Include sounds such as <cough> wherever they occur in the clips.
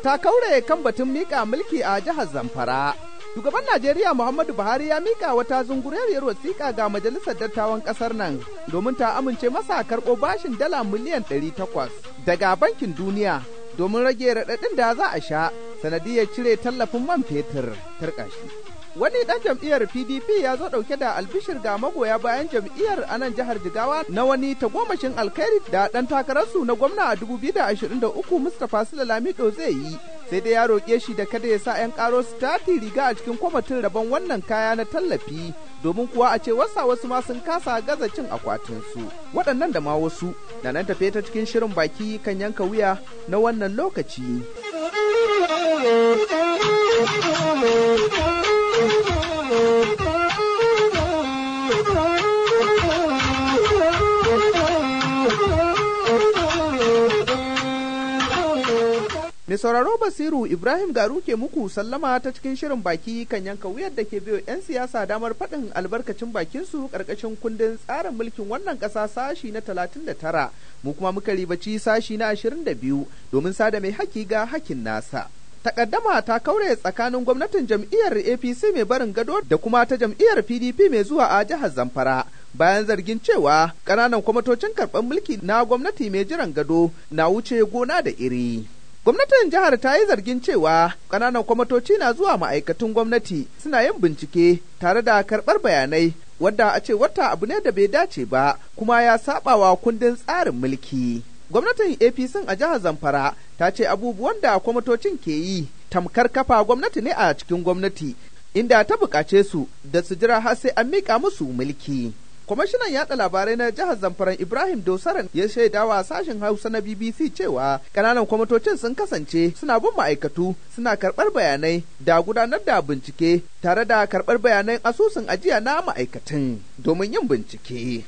ta kaure kan batun miƙa mulki a jihar Zamfara. Shugaban Najeriya Muhammadu Buhari ya mika wata zunguriyar wasiƙa ga Majalisar Dattawan ƙasar nan domin ta amince masa karɓo bashin dala miliyan ɗari takwas daga Bankin Duniya domin rage raɗaɗin da za a sha sanadiyar cire tallafin man fetur tarƙashi. wani dan jam'iyyar pdp ya zo dauke da albishir ga magoya bayan jam'iyyar a nan jihar jigawa na wani tagomashin alkhairi da dan takararsu na gwamna a 2023 mustapha sula lamido zai yi sai dai ya roƙe shi da kada ya sa 'yan ƙaro su tati riga a cikin kwamatin rabon wannan kaya na tallafi domin kuwa a ce wasa wasu ma sun kasa gaza cin akwatinsu waɗannan da ma wasu na nan tafe ta cikin shirin baki kan yanka wuya na wannan lokaci. <laughs> Mai sauraro Basiru Ibrahim Garu ke muku sallama ta cikin shirin baki kan yanka wuyar da ke biyo 'yan siyasa damar faɗin albarkacin bakin su karkashin kundin tsarin mulkin wannan ƙasa sashi na 39 mu kuma muka ribaci sashi na 22 domin sada mai haki ga hakin nasa. Takaddama ta kaure tsakanin gwamnatin jam'iyyar APC mai barin gado da kuma ta jam'iyyar PDP mai zuwa a jihar Zamfara. bayan zargin cewa kananan kwamitocin karɓar mulki na gwamnati mai jiran gado na wuce gona da iri. Gwamnatin jihar ta yi zargin cewa ƙananan kwamatoci na zuwa ma'aikatun gwamnati suna yin bincike tare da karɓar bayanai wadda a ce wata abu ne da bai dace ba kuma ya saɓawa kundin tsarin mulki. Gwamnatin APC a jihar Zamfara ta ce abubuwan da kwamatocin ke yi tamkar kafa gwamnati ne a cikin gwamnati inda ta buƙace su da su jira har sai an miƙa musu mulki. kwamishinan yada labarai na jihar zamfaran ibrahim dosaran ya shaidawa sashen hausa na bbc cewa kananan kwamitocin sun kasance suna bin ma'aikatu suna karɓar bayanai da gudanar da bincike tare da karɓar bayanan asusun ajiya na ma'aikatan domin yin bincike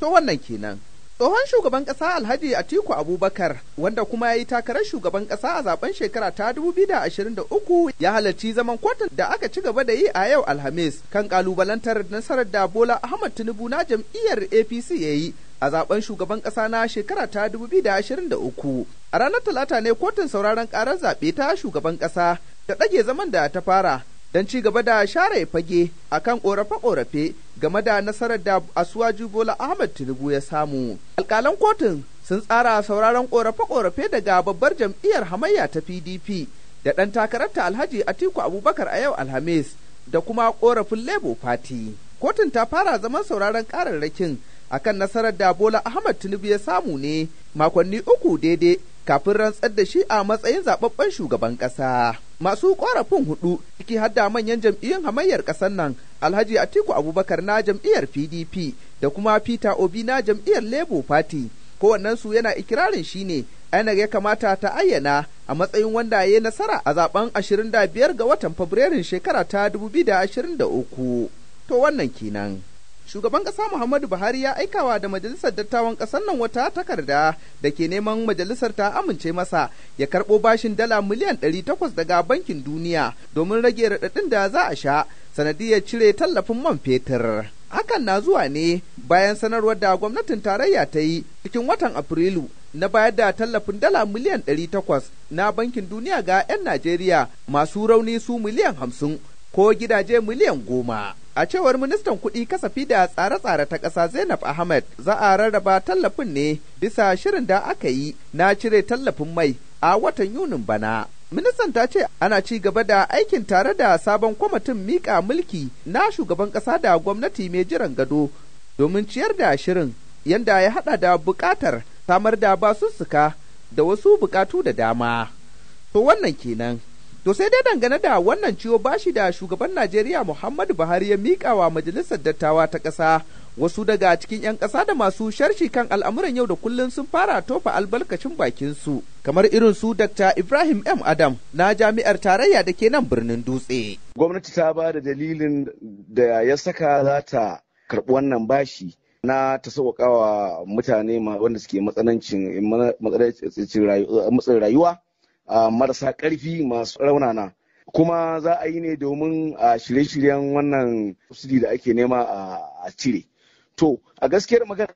to wannan kenan Tsohon shugaban ƙasa Alhaji Atiku Abubakar wanda kuma ya yi takarar shugaban ƙasa a zaben shekara ta 2023 ya halarci zaman kwatan da aka ci gaba da yi a yau Alhamis kan kalubalantar nasarar da Bola Ahmad Tinubu na jam'iyyar APC ya yi a zaben shugaban ƙasa na shekara ta 2023. A ranar Talata ne kotun sauraron ƙarar zaɓe ta shugaban ƙasa da ɗage zaman da ta fara don ci gaba da share fage akan ƙorafe-ƙorafe game da nasarar da asuwaji bola ahmad tinubu ya samu alƙalan kotun sun tsara sauraron ƙorafe-ƙorafe daga babbar jam'iyyar hamayya ta pdp da ɗan takararta alhaji atiku abubakar a yau alhamis da kuma ƙorafin labour party kotun ta fara zaman sauraron ƙararrakin akan nasarar da bola ahmad tinubu ya samu ne makonni uku daidai kafin rantsar da shi a matsayin zaɓaɓɓen shugaban ƙasa masu ƙorafin hudu ciki hadda manyan jam'iyyun hamayyar ƙasar nan alhaji atiku abubakar na jam'iyyar pdp da kuma peter obi na jam'iyyar labour party su yana ikirarin shine INEC ya kamata ta ayyana a matsayin wanda ya nasara a zaben 25 ga watan fabrairun shekara ta 2023 to wannan kenan. shugaban ƙasa Muhammadu Buhari ya aikawa da majalisar dattawan ƙasar nan wata takarda da ke neman majalisar ta amince masa ya karɓo bashin dala miliyan ɗari takwas daga bankin duniya domin rage raɗaɗin da za a sha sanadiyar cire tallafin man fetur. Hakan na zuwa ne bayan sanarwar da gwamnatin tarayya ta yi cikin watan Afrilu na bayar da tallafin dala miliyan ɗari takwas na bankin duniya ga 'yan Najeriya masu rauni su miliyan hamsin ko gidaje miliyan goma. A cewar ministan kuɗi kasafi da tsare-tsare ta ƙasa Zainab Ahmed za a rarraba tallafin ne bisa shirin da aka yi na cire tallafin mai a watan Yunin bana. Ministan ta ce ana ci gaba da aikin tare da sabon kwamitin miƙa mulki na shugaban ƙasa da gwamnati mai jiran gado domin ciyar da shirin yanda ya haɗa da buƙatar samar da basussuka da wasu buƙatu da dama. To wannan kenan. To sai dai dangane da wannan ciwo bashi da shugaban Najeriya Muhammadu Buhari ya miƙa wa majalisar dattawa ta ƙasa wasu daga cikin 'yan ƙasa da masu sharshi kan al'amuran yau da kullum sun fara tofa albarkacin bakin su kamar irin su Dr. Ibrahim M. Adam na jami'ar tarayya da ke nan birnin dutse. Gwamnati ta ba da dalilin da ya saka za ta karɓi wannan bashi na ta sauƙaƙa wa mutane wanda suke matsanancin matsin rayuwa marasa ƙarfi masu raunana kuma za a yi ne domin a shirye-shiryen wannan subsidy da ake nema a cire to a gaskiyar magana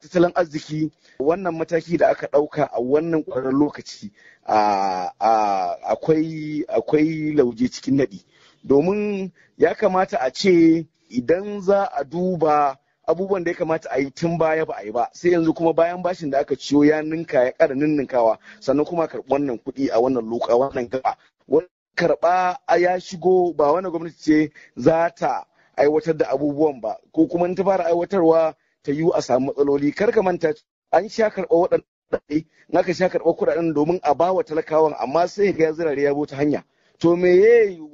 tattalin arziki wannan mataki da aka ɗauka a wannan ƙwararren lokaci akwai lauje cikin naɗi domin ya kamata a ce idan za a duba abubuwan da ya kamata a yi tun baya ba a yi ba sai yanzu kuma bayan bashin da aka ciyo ya ninka ya ƙara ninninkawa sannan kuma karɓi wannan kuɗi a wannan loka wannan gaba karɓa ya shigo ba wani gwamnati ce za ta aiwatar da abubuwan ba ko kuma in ta fara aiwatarwa ta yiwu a samu matsaloli kar ka manta an sha karɓa waɗannan kuɗaɗe in aka sha karɓa kuɗaɗen domin a bawa talakawan amma sai ya zirare ya ta hanya to me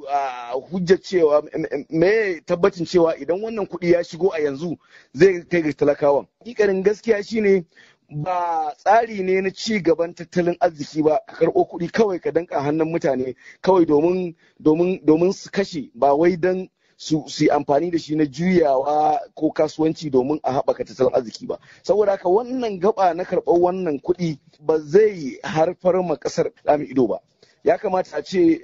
a hujja cewa me tabbacin cewa idan wannan kuɗi ya shigo a yanzu zai kai ga talakawan ƙiƙarin gaskiya shine ba tsari ne na ci gaban tattalin arziki ba ka karɓo kuɗi kawai ka danka hannun mutane kawai domin su kashe ba wai dan su yi amfani da shi na juyawa ko kasuwanci domin a haɓaka tattalin arziki ba saboda haka wannan gaba na karɓar wannan kuɗi ba zai haifar ma ƙasar ɗamin ido ba ya kamata a ce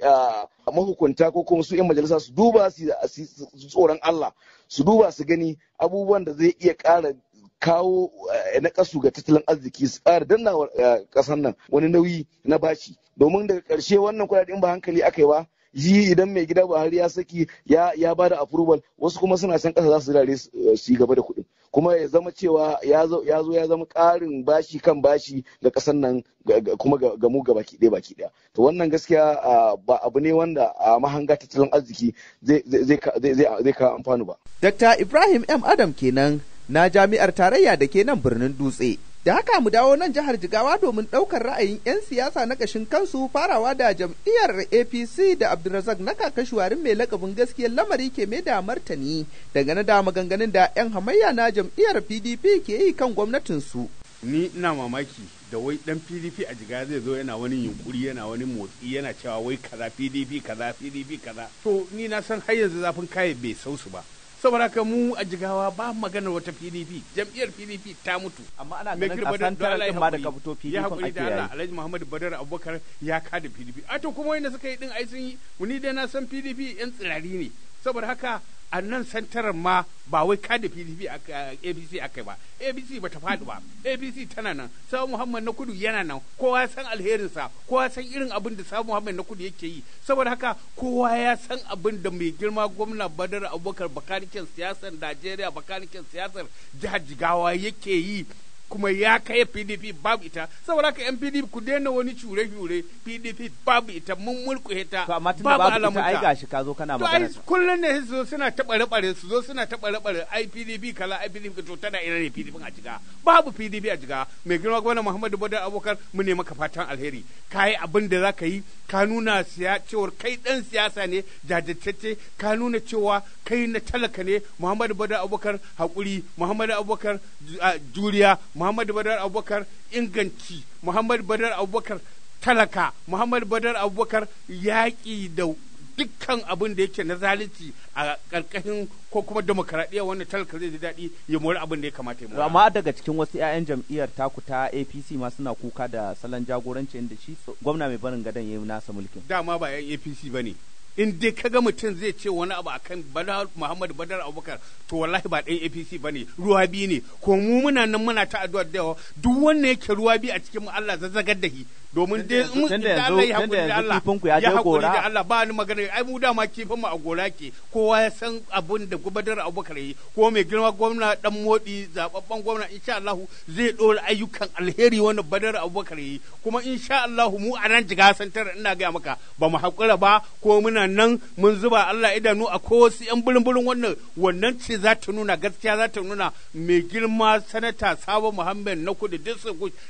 mahukunta ko kuma su 'yan majalisa su duba su tsoron Allah su duba su gani abubuwan da zai iya ƙara kawo eh, na kasu ga tattalin arziki su ƙara danna eh, ƙasar nan wani nauyi na bashi domin daga ƙarshe wannan kuɗaɗen ba hankali aka yi ba yi idan mai gida Buhari ya saki ya bada afrobal, approval wasu kuma suna san kasa za su dare su eh, gaba da kuɗin kuma ya zama cewa ya zo ya zama ƙarin bashi kan bashi ga ƙasar nan kuma ga mu ga baki ɗaya baki ɗaya to wannan gaskiya ba abu ne wanda a mahanga tattalin arziki zai kawo amfani ba. Dr. Ibrahim M. Adam kenan na jami'ar tarayya da ke nan birnin dutse. Da haka mu dawo nan jihar Jigawa domin ɗaukar ra'ayin 'yan siyasa na ƙashin kansu farawa da jam'iyyar APC da Abdulrazak na kakashuwarin mai lakabin gaskiyar lamari ke mai da martani dangane da maganganun da 'yan hamayya na jam'iyyar PDP ke yi kan gwamnatinsu. Ni ina mamaki da wai dan PDP a jiga zai zo yana wani yunkuri yana wani motsi yana cewa wai kaza PDP kaza PDP kaza. To ni na san har yanzu zafin kaye bai sausu ba. saboda ka mu a jigawa ba magana wata PDP jam'iyyar PDP ta mutu amma ana ganin a santar ma da ka fito PDP ya hakuri da Allah Alhaji Muhammad Badar Abubakar ya ka da PDP a to kuma wanda suka yi din ai sun yi muni dai na san PDP yan tsirari ne saboda haka a nan santarar ma ba wai kada pdp abc a kai ba abc ba ta faɗi ba abc tana nan sabu muhammad na kudu yana nan kowa ya san alherinsa kowa ya san irin abin da sabu muhammad na kudu yake yi saboda haka kowa ya san abin da mai girma gwamna badar abubakar bakanikin siyasar najeriya bakanikin siyasar jihar jigawa yake yi kuma ya kai PDP babu ita saboda ka yan PDP ku daina wani cure cure PDP babu ita mun mulku ta babu alamunta ai gashi ka zo kana magana to kullun ne su suna tabare bare su zo suna tabare bare ai PDP kala ai PDP to tana ina ne PDP a jiga babu PDP a jiga mai girma gwamnati Muhammadu Bada Abubakar mu ne maka fatan alheri kai abin da zaka yi ka nuna siya cewar kai dan siyasa ne jajjacce ka nuna cewa kai na talaka ne Muhammadu Bada Abubakar hakuri Muhammadu Abubakar juriya muhammadu badar abubakar inganci muhammadu badar abubakar talaka muhammadu badar abubakar yaƙi da dukkan abin da yake na zalunci a ƙarƙashin ko kuma demokaradiyya wanda talaka zai ji daɗi ya mori abin da ya kamata ya amma daga cikin wasu 'ya'yan jam'iyyar taku ta apc ma suna kuka da salon jagoranci da shi gwamna mai barin gadon ya yi nasa mulkin dama ba 'yan apc ba ne in dai kaga mutum zai ce wani abu akan bala muhammadu badar abubakar to wallahi ba ɗan apc ba ne ruwa biyu ne ko mu muna nan muna ta addu'a da duk wanda yake ruwa biyu a cikin mu allah zazzagar da shi domin dai in da Allah ya hakuri da Allah ya hakuri da Allah ba ni magana ai mu dama kifin mu a gora ke kowa ya san abin da gubadar Abubakar yi ko mai girma gwamna dan modi zababban gwamna insha Allah zai dora ayyukan alheri wannan badar Abubakar yi kuma insha Allah mu a nan jiga santar ina ga maka ba mu hakura ba ko muna nan mun zuba Allah idanu a ko wasu yan bulbulun wannan wannan ce za ta nuna gaskiya za ta nuna mai girma sanata Sabo Muhammad na kudu duk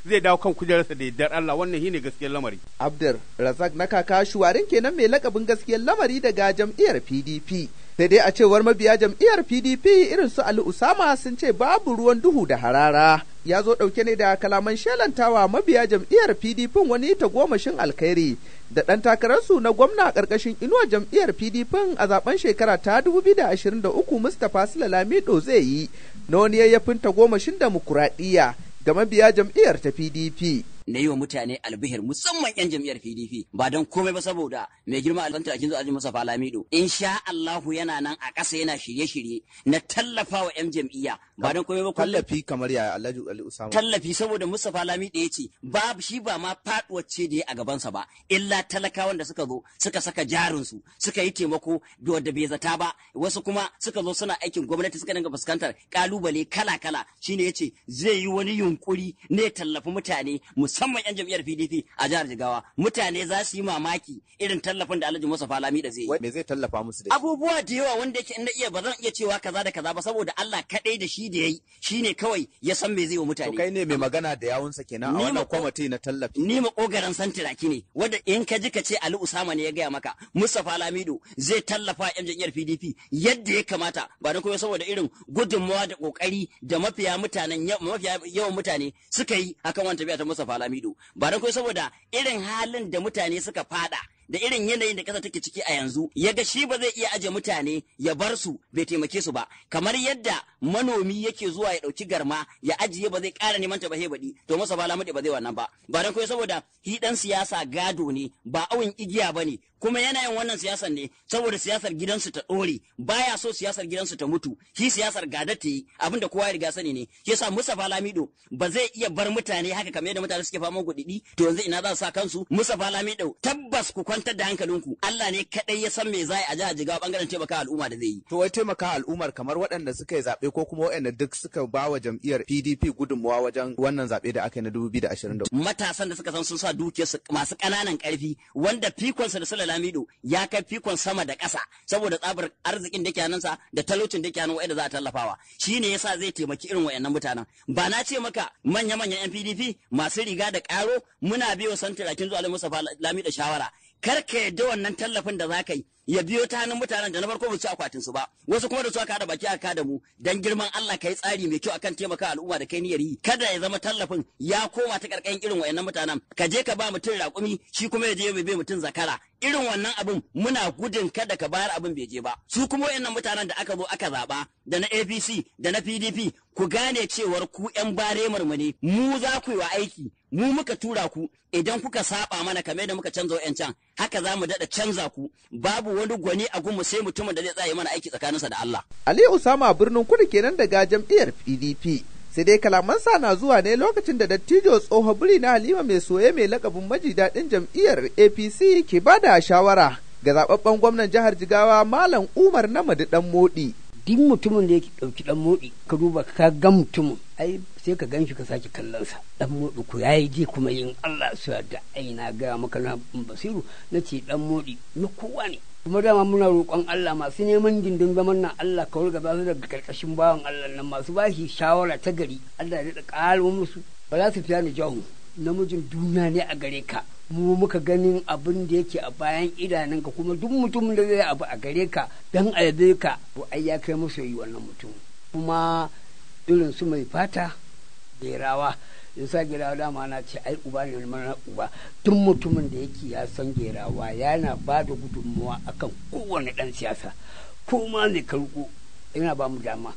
zai dawo kan kujerarsa da yardar Allah wannan shine gaskiyar lamari. Abdur Razak na kaka shuwarin kenan mai lakabin gaskiyar lamari daga jam'iyyar PDP. Sai dai a cewar mabiya jam'iyyar PDP irin su Ali Usama sun ce babu ruwan duhu da harara. Ya zo ɗauke ne da kalaman shelantawa mabiya jam'iyyar PDP wani ta tagomashin alkhairi da ɗan takararsu na gwamna a ƙarƙashin inuwa jam'iyyar PDP a zaben shekara ta 2023 Mustapha Lamido zai yi na wani yayyafin tagomashin da mukuraɗiyya ga mabiya jam'iyyar ta PDP. na yi wa mutane albihir musamman 'yan jam'iyyar PDP ba don komai ba saboda mai girma alfanta a kinzo ajin masa Lamido in sha Allahu yana nan a ƙasa yana shirye-shirye na tallafa wa 'yan jam'iyya ba don komai ba tallafi kamar ya Alhaji Ali Usama tallafi saboda Mustafa Lamido ya ce babu shi ba ma faduwar ce da ya a gabansa ba illa talakawan da suka zo suka saka su suka yi taimako da bai zata ba wasu kuma suka zo suna aikin gwamnati suka dinga fuskantar kalubale kala-kala shine ya ce zai yi wani yunkuri ne tallafi mutane musamman musamman 'yan jam'iyyar PDP a jihar Jigawa mutane za su yi mamaki irin tallafin da Alhaji Musa Falami da zai yi. Me zai tallafa musu da Abubuwa da yawa wanda yake inda iya ba zan iya cewa kaza da kaza ba saboda Allah kaɗai da shi da yayi shine kawai ya san me zai wa mutane. To kai ne mai magana da yawunsa kenan a wannan kwamati na tallafi. Ni kogaran santira ne wanda in ka ji ka ce Ali Usama ne ya gaya maka Musa Falamido zai tallafa 'yan jam'iyyar PDP yadda ya kamata ba da kuma saboda irin gudunmawa da kokari da mafiya mutanen yawan mutane suka yi akan wani tafiya ta Musa Lamido ba kai saboda irin halin da mutane suka fada da irin yanayin da kasa take ciki a yanzu ya ga shi ba zai iya aje mutane ya bar su bai taimake su ba kamar yadda manomi yake zuwa ya ɗauki garma ya ajiye ba zai ƙara neman ta ba baɗi to masa ba lamuɗe ba zai wannan ba ba saboda hidan siyasa gado ne ba awin igiya ba ne kuma yana yin wannan siyasar ne saboda siyasar gidansu ta ɗore baya so siyasar gidansu ta mutu shi siyasar gada ta yi abinda kowa ya riga sani ne yasa Mustafa Lamido ba zai iya bar mutane haka kamar yadda mutane suke fama gudidi to yanzu ina za su sa kansu Mustafa Lamido tabbas ku kwantar da hankalinku Allah ne kadai ya san me za a a Jigawa bangaren taimaka al'umma da zai yi to wai taimaka al'ummar kamar waɗanda suka yi zaɓe ko kuma waɗanda duk suka ba wa jam'iyyar PDP gudunmawa wajen wannan zaɓe da aka yi na 2020 matasan da suka san sun sa dukiyarsu masu ƙananan ƙarfi wanda fikonsa da sallar Lamido ya kai fikon sama da ƙasa saboda tsabar arzikin da ke sa da talaucin da ke hannun wa'anda za a tallafawa shi ne ya sa zai taimaki irin wa'annan mutanen ba na ce maka manya-manyan 'yan PDP masu riga da ƙaro muna biyo santirakin zuwa Mustafa Lamido shawara kar ka yadda wannan tallafin da za ka yi ya biyo ta hannun mutanen da na farko ba su akwatin su ba wasu kuma da su aka hada baki aka da mu dan girman Allah kai tsari mai kyau akan taimaka al'umma da kai niyyar yi kada ya zama tallafin ya koma ta karkan irin wayannan mutanen ka je ka ba mutum raƙumi shi kuma ya je ya bai mutum zakara irin wannan abin muna gudun kada ka bayar abin bai je ba su kuma wayannan mutanen da aka zo aka zaba da na APC da na PDP ku gane cewar ku yan baremar mu ne mu za ku yi wa aiki mu muka tura ku idan kuka saba mana kamar da muka canza can haka za mu daɗa canza ku babu babu wani gwani a gunmu sai mutumin da zai tsaye mana aiki tsakaninsa da Allah. Ali Usama birnin kudu kenan daga jam'iyyar PDP. Sai dai kalamansa na zuwa ne lokacin da dattijo tsohon biri na Halima mai soye mai lakabin maji daɗin jam'iyyar APC ke ba da shawara ga zababben gwamnan jihar Jigawa Malam Umar na madi Dan Modi. Duk mutumin da yake ɗauki Dan Modi ka duba ka ga mutumin ai sai ka gan shi ka sake kallon sa dan modi ku yayi je kuma yin Allah su da aina ga maka na basiru nace dan modi na kowa ne kuma dama muna roƙon Allah masu neman gindin zaman nan Allah ka ga ba su daga ƙarƙashin bawan Allah nan masu ba shi shawara ta gari Allah ya daɗa ƙaro musu ba za su fiya ni jahu namijin duniya ne a gare ka mu muka ganin abin da yake a bayan idanunka kuma duk mutumin da zai abu a gare ka dan a yabe ka to ai ya kai musu yi wannan mutum kuma irin su mai fata rawa. in sa gerawa dama na ce ai uba ne mana uba tun mutumin da yake ya san gerawa yana ba da a akan kowane dan siyasa ko ma ne karko yana ba mu dama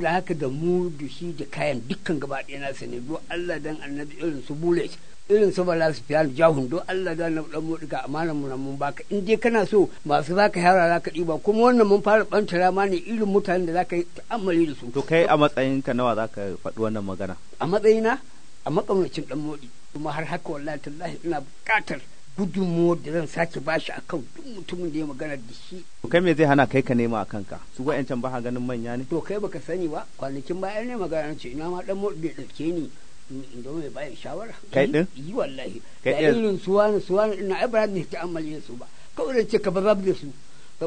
da haka da mu da shi da kayan dukkan gaba ɗaya na sani do Allah dan annabi irin su bullet irin su bala su fiyan jahun do Allah dan annabi dan mudika amanar mu mun baka in dai kana so masu zaka yara zaka diba kuma wannan mun fara banta rama ne irin mutanen da zaka yi ta'amali da su to kai a matsayinka ka nawa zaka faɗi wannan magana a matsayina a makamacin dan modi kuma har haka wallahi tallahi ina buƙatar gudunmuwar da zan sake bashi akan duk mutumin da ya magana da shi. To kai me zai hana kai ka nema a kanka? Su can ba ganin manya ne? To kai baka sani ba kwanakin baya ne magana ce ina ma dan bai ɗauke ni inda mai bayan shawara. Kai ɗin? Yi wallahi. Kai din Da suwan suwani suwani ina ai ba za ta amalin su ba. Kawai zan ce ka ba za su.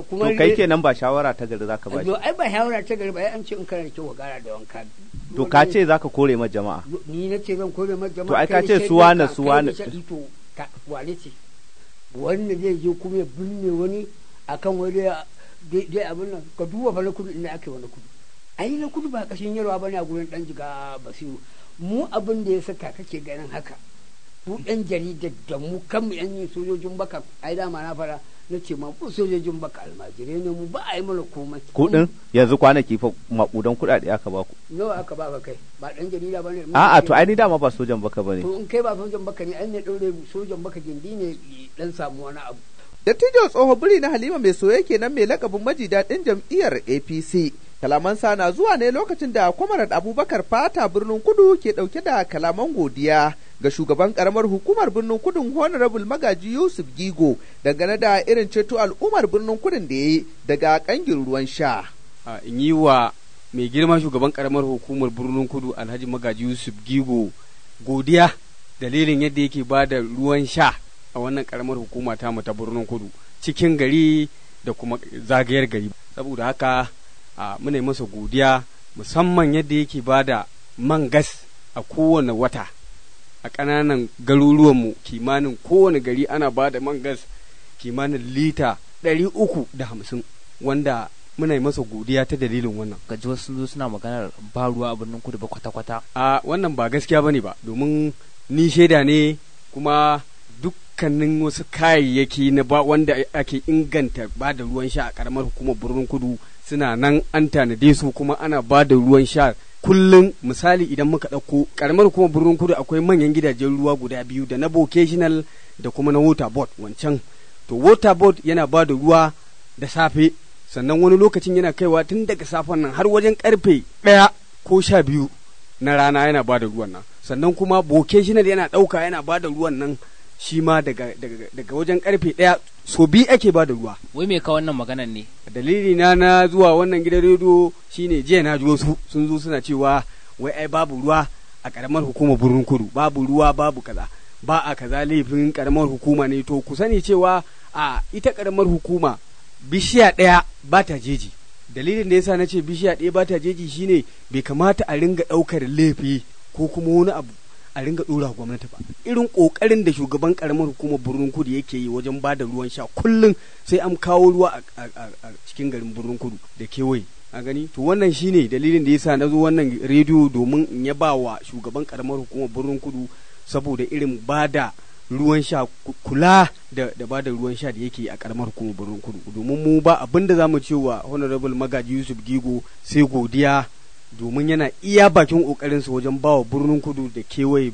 kuma kai kenan ba shawara ta gari zaka ba ai ba shawara ta gari ba ai an ce in kana da kyau gara da wanka to ka ce zaka kore ma jama'a ni na ce zan kore ma jama'a to ai ka ce suwana suwana to wane ce wanda zai je kuma ya binne wani akan wani dai abin nan ka duba fa na kudu ina ake wani kudu ai na kudu ba kashin yarwa ba ne a gurin dan jiga basiru mu abin da ya saka kake ganin haka ku ɗan jaridar da mu kanmu yan yin sojojin baka ai dama na fara na ce ma ko sojojin baka almajirai ne mu ba a yi mana komai kudin yanzu kwanaki fa makudan kudade aka ba ku. nawa aka ba ka kai ba dan jarida ba ne. a'a to ai dama ba sojan baka ba ne. to in kai ba sojan baka ne ai ne daure sojan baka gindi ne dan samu wani abu dattijo tsoho biri na halima mai soyayya kenan mai lakabin maji ɗin jam'iyyar apc Kalamansa na zuwa ne lokacin da kwamarar Abubakar Fata birnin Kudu ke ɗauke da kalaman godiya ga shugaban karamar hukumar birnin kudu Honorable Magaji Yusuf Gigo dangane da irin ceto al'ummar birnin Kudu da ya daga kangin ruwan sha. In yi wa mai girma shugaban karamar hukumar birnin Kudu Alhaji Magaji Yusuf Gigo godiya dalilin yadda yake ba da ruwan sha a wannan karamar hukuma ta mu ta birnin Kudu cikin gari da kuma zagayar gari. Saboda haka muna masa godiya musamman yadda yake ba da man gas a kowane wata a ƙananan garuruwanmu kimanin kowane gari ana ba da man gas kimanin lita ɗari uku da hamsin wanda muna yi masa godiya ta dalilin wannan gaji wasu suna maganar ba ruwa a birnin kudu ba kwata-kwata a wannan ba gaskiya bane ba domin ni shaida ne kuma dukkanin wasu kayayyaki na ba wanda ake inganta ba da ruwan sha a karamar hukumar birnin kudu suna nan an tanade su kuma ana ba da ruwan sha kullum misali idan muka ɗauko karamar kuma birnin kudu akwai manyan gidajen ruwa guda biyu da na vocational da kuma na water board wancan to water board yana ba da ruwa da safe sannan wani lokacin yana kaiwa tun daga safen nan har wajen karfe ɗaya ko sha biyu na rana yana ba da ruwan nan sannan kuma vocational yana ɗauka yana ba da ruwan nan shi ma daga wajen karfe ɗaya so bi ake ba da ruwa. Wai me ka wannan maganan ne? Dalili na na zuwa wannan gidan rediyo shine jiya na ji wasu sun zo suna cewa wai ai babu ruwa a karamar hukumar burin kudu babu ruwa babu kaza ba a kaza laifin karamar hukuma ne to ku sani cewa a ita karamar hukuma bishiya ɗaya ba ta jeji dalilin da yasa na ce bishiya ɗaya ba ta jeji shine bai kamata a ringa ɗaukar laifi ko kuma wani abu a ringa dora gwamnati ba irin kokarin da shugaban karamar hukumar birnin kudu yake yi wajen bada ruwan sha kullum sai an kawo ruwa a cikin garin birnin kudu da kewaye a gani to wannan shine dalilin da ya sa na zo wannan rediyo domin in ya ba wa shugaban karamar hukumar birnin kudu saboda irin bada ruwan sha kula da da bada ruwan sha da yake a karamar hukumar birnin kudu domin mu ba abin da mu ce wa honorable magaji yusuf gigo sai godiya domin yana iya bakin ƙoƙarinsa wajen bawa birnin kudu da kewaye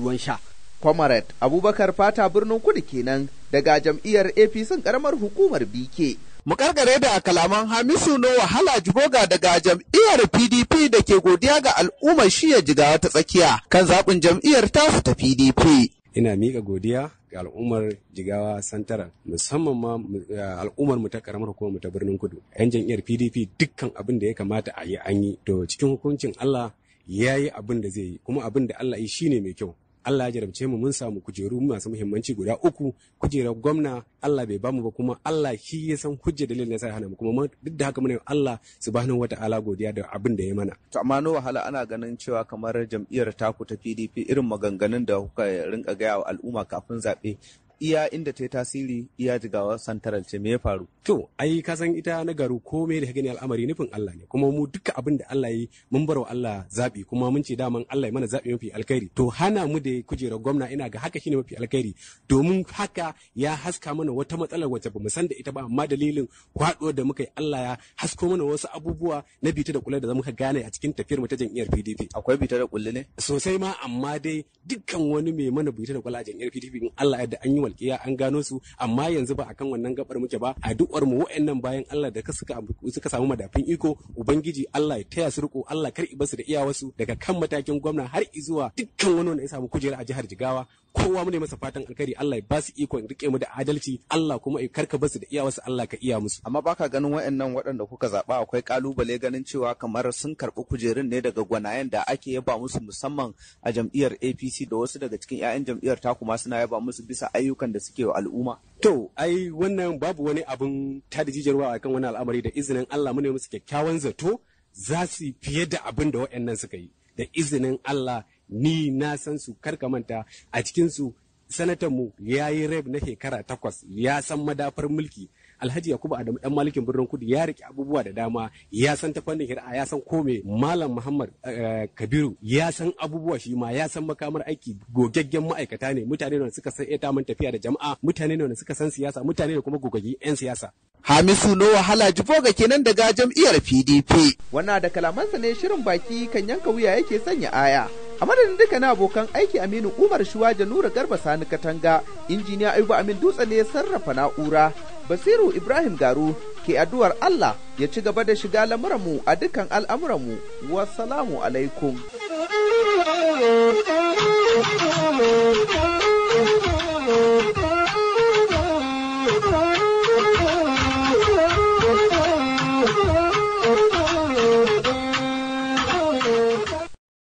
ruwan sha. Comrade Abubakar Fata birnin kudu kenan daga jam'iyyar APC karamar hukumar BK. Mu da kalaman Hamisu no wahala jiboga daga jam'iyyar PDP da ke godiya ga al'ummar shiya jigawa ta tsakiya kan zaɓin jam'iyyar tasu ta PDP. Ina miƙa godiya al'ummar jigawa santara musamman ma eh, al'ummar mu ta karamar hukumar mu ta birnin kudu yan jam'iyyar pdp dukkan abin da ya kamata a yi an yi to cikin hukuncin allah ya yi abin da zai yi kuma abin da allah yi shine mai kyau Allah ya jarabce mu mun samu kujeru masu muhimmanci guda uku kujerar gwamna Allah bai bamu ba kuma Allah shi ya san hujja dalilin sa hana mu kuma duk da haka muna Allah subhanahu ala godiya da abin da ya mana to amma no wahala ana ganin cewa kamar jam'iyyar taku ta PDP irin maganganun da kuka rinka gaya al'umma kafin zaɓe iya inda ta yi tasiri iya jigawa santaral ce me ya faru to ai ka san ita na garu komai da gani al'amari nufin Allah ne kuma mu duka abin da Allah yi mun bar wa Allah zabi kuma mun ce daman Allah ya mana zabi mafi alkhairi to hana mu da kujerar gwamna ina ga haka shine mafi alkhairi domin haka ya haska mana wata matsalar wacce mu san da ita ba amma dalilin kwado da muka yi Allah ya hasko mana wasu abubuwa na bita da kula da ka gane a cikin tafiyar mu ta jam'iyyar PDP akwai bita da kulle ne sosai ma amma dai dukkan wani mai mana bita da kula a jam'iyyar PDP in Allah ya da an yi walƙiya an gano su amma yanzu ba akan wannan gabar muke ba a dukwar mu wa'annan bayan Allah da suka suka samu madafin iko ubangiji Allah ya taya su riko Allah kar basu da iyawarsu daga kan matakin gwamna har zuwa dukkan wani wanda ya samu kujera a jihar Jigawa kowa mu ne masa fatan alkhairi Allah ya basu iko in rike mu da adalci Allah kuma ya karka basu da iyawarsu Allah ka iya musu amma baka ganin wa'annan waɗanda kuka zaba akwai kalubale ganin cewa kamar sun karɓi kujerun ne daga gwanayen da ake yaba musu musamman a jam'iyyar APC da wasu daga cikin 'ya'yan jam'iyyar ta kuma suna yaba musu bisa ayyuka ayyukan da suke wa al'umma To, ai wannan babu wani abin tada jijarwa a kan wani al'amari da izinin Allah mune musu kyakkyawan zato za su fiye da abin da waɗannan suka yi. Da izinin Allah ni na san su manta a cikinsu sanatanmu ya yi rep na shekara takwas ya san madafar mulki alhaji yakubu adamu dan malikin birnin kudu ya riƙe abubuwa da dama ya san ta fannin shari'a ya san ko malam muhammad eh, kabiru ya san abubuwa shi ma ya san makamar aiki gogaggen ma'aikata ne mutane ne suka san ita mun tafiya da jama'a mutane ne suka san siyasa mutane ne kuma gogaggi 'yan siyasa Hamisu no wahala jifoga kenan daga jam'iyyar PDP. Wannan da kalamansa ne shirin baki kan yanka wuya yake sanya aya. A madadin duka na abokan aiki Aminu Umar Shuwa da Nura Garba Sani Katanga, injiniya Ayuba Amin Dutse ne sarrafa na'ura. Basiru Ibrahim Garu ke addu'ar Allah ya ci gaba da shiga lamuranmu a dukkan al'amuranmu. Wassalamu alaikum.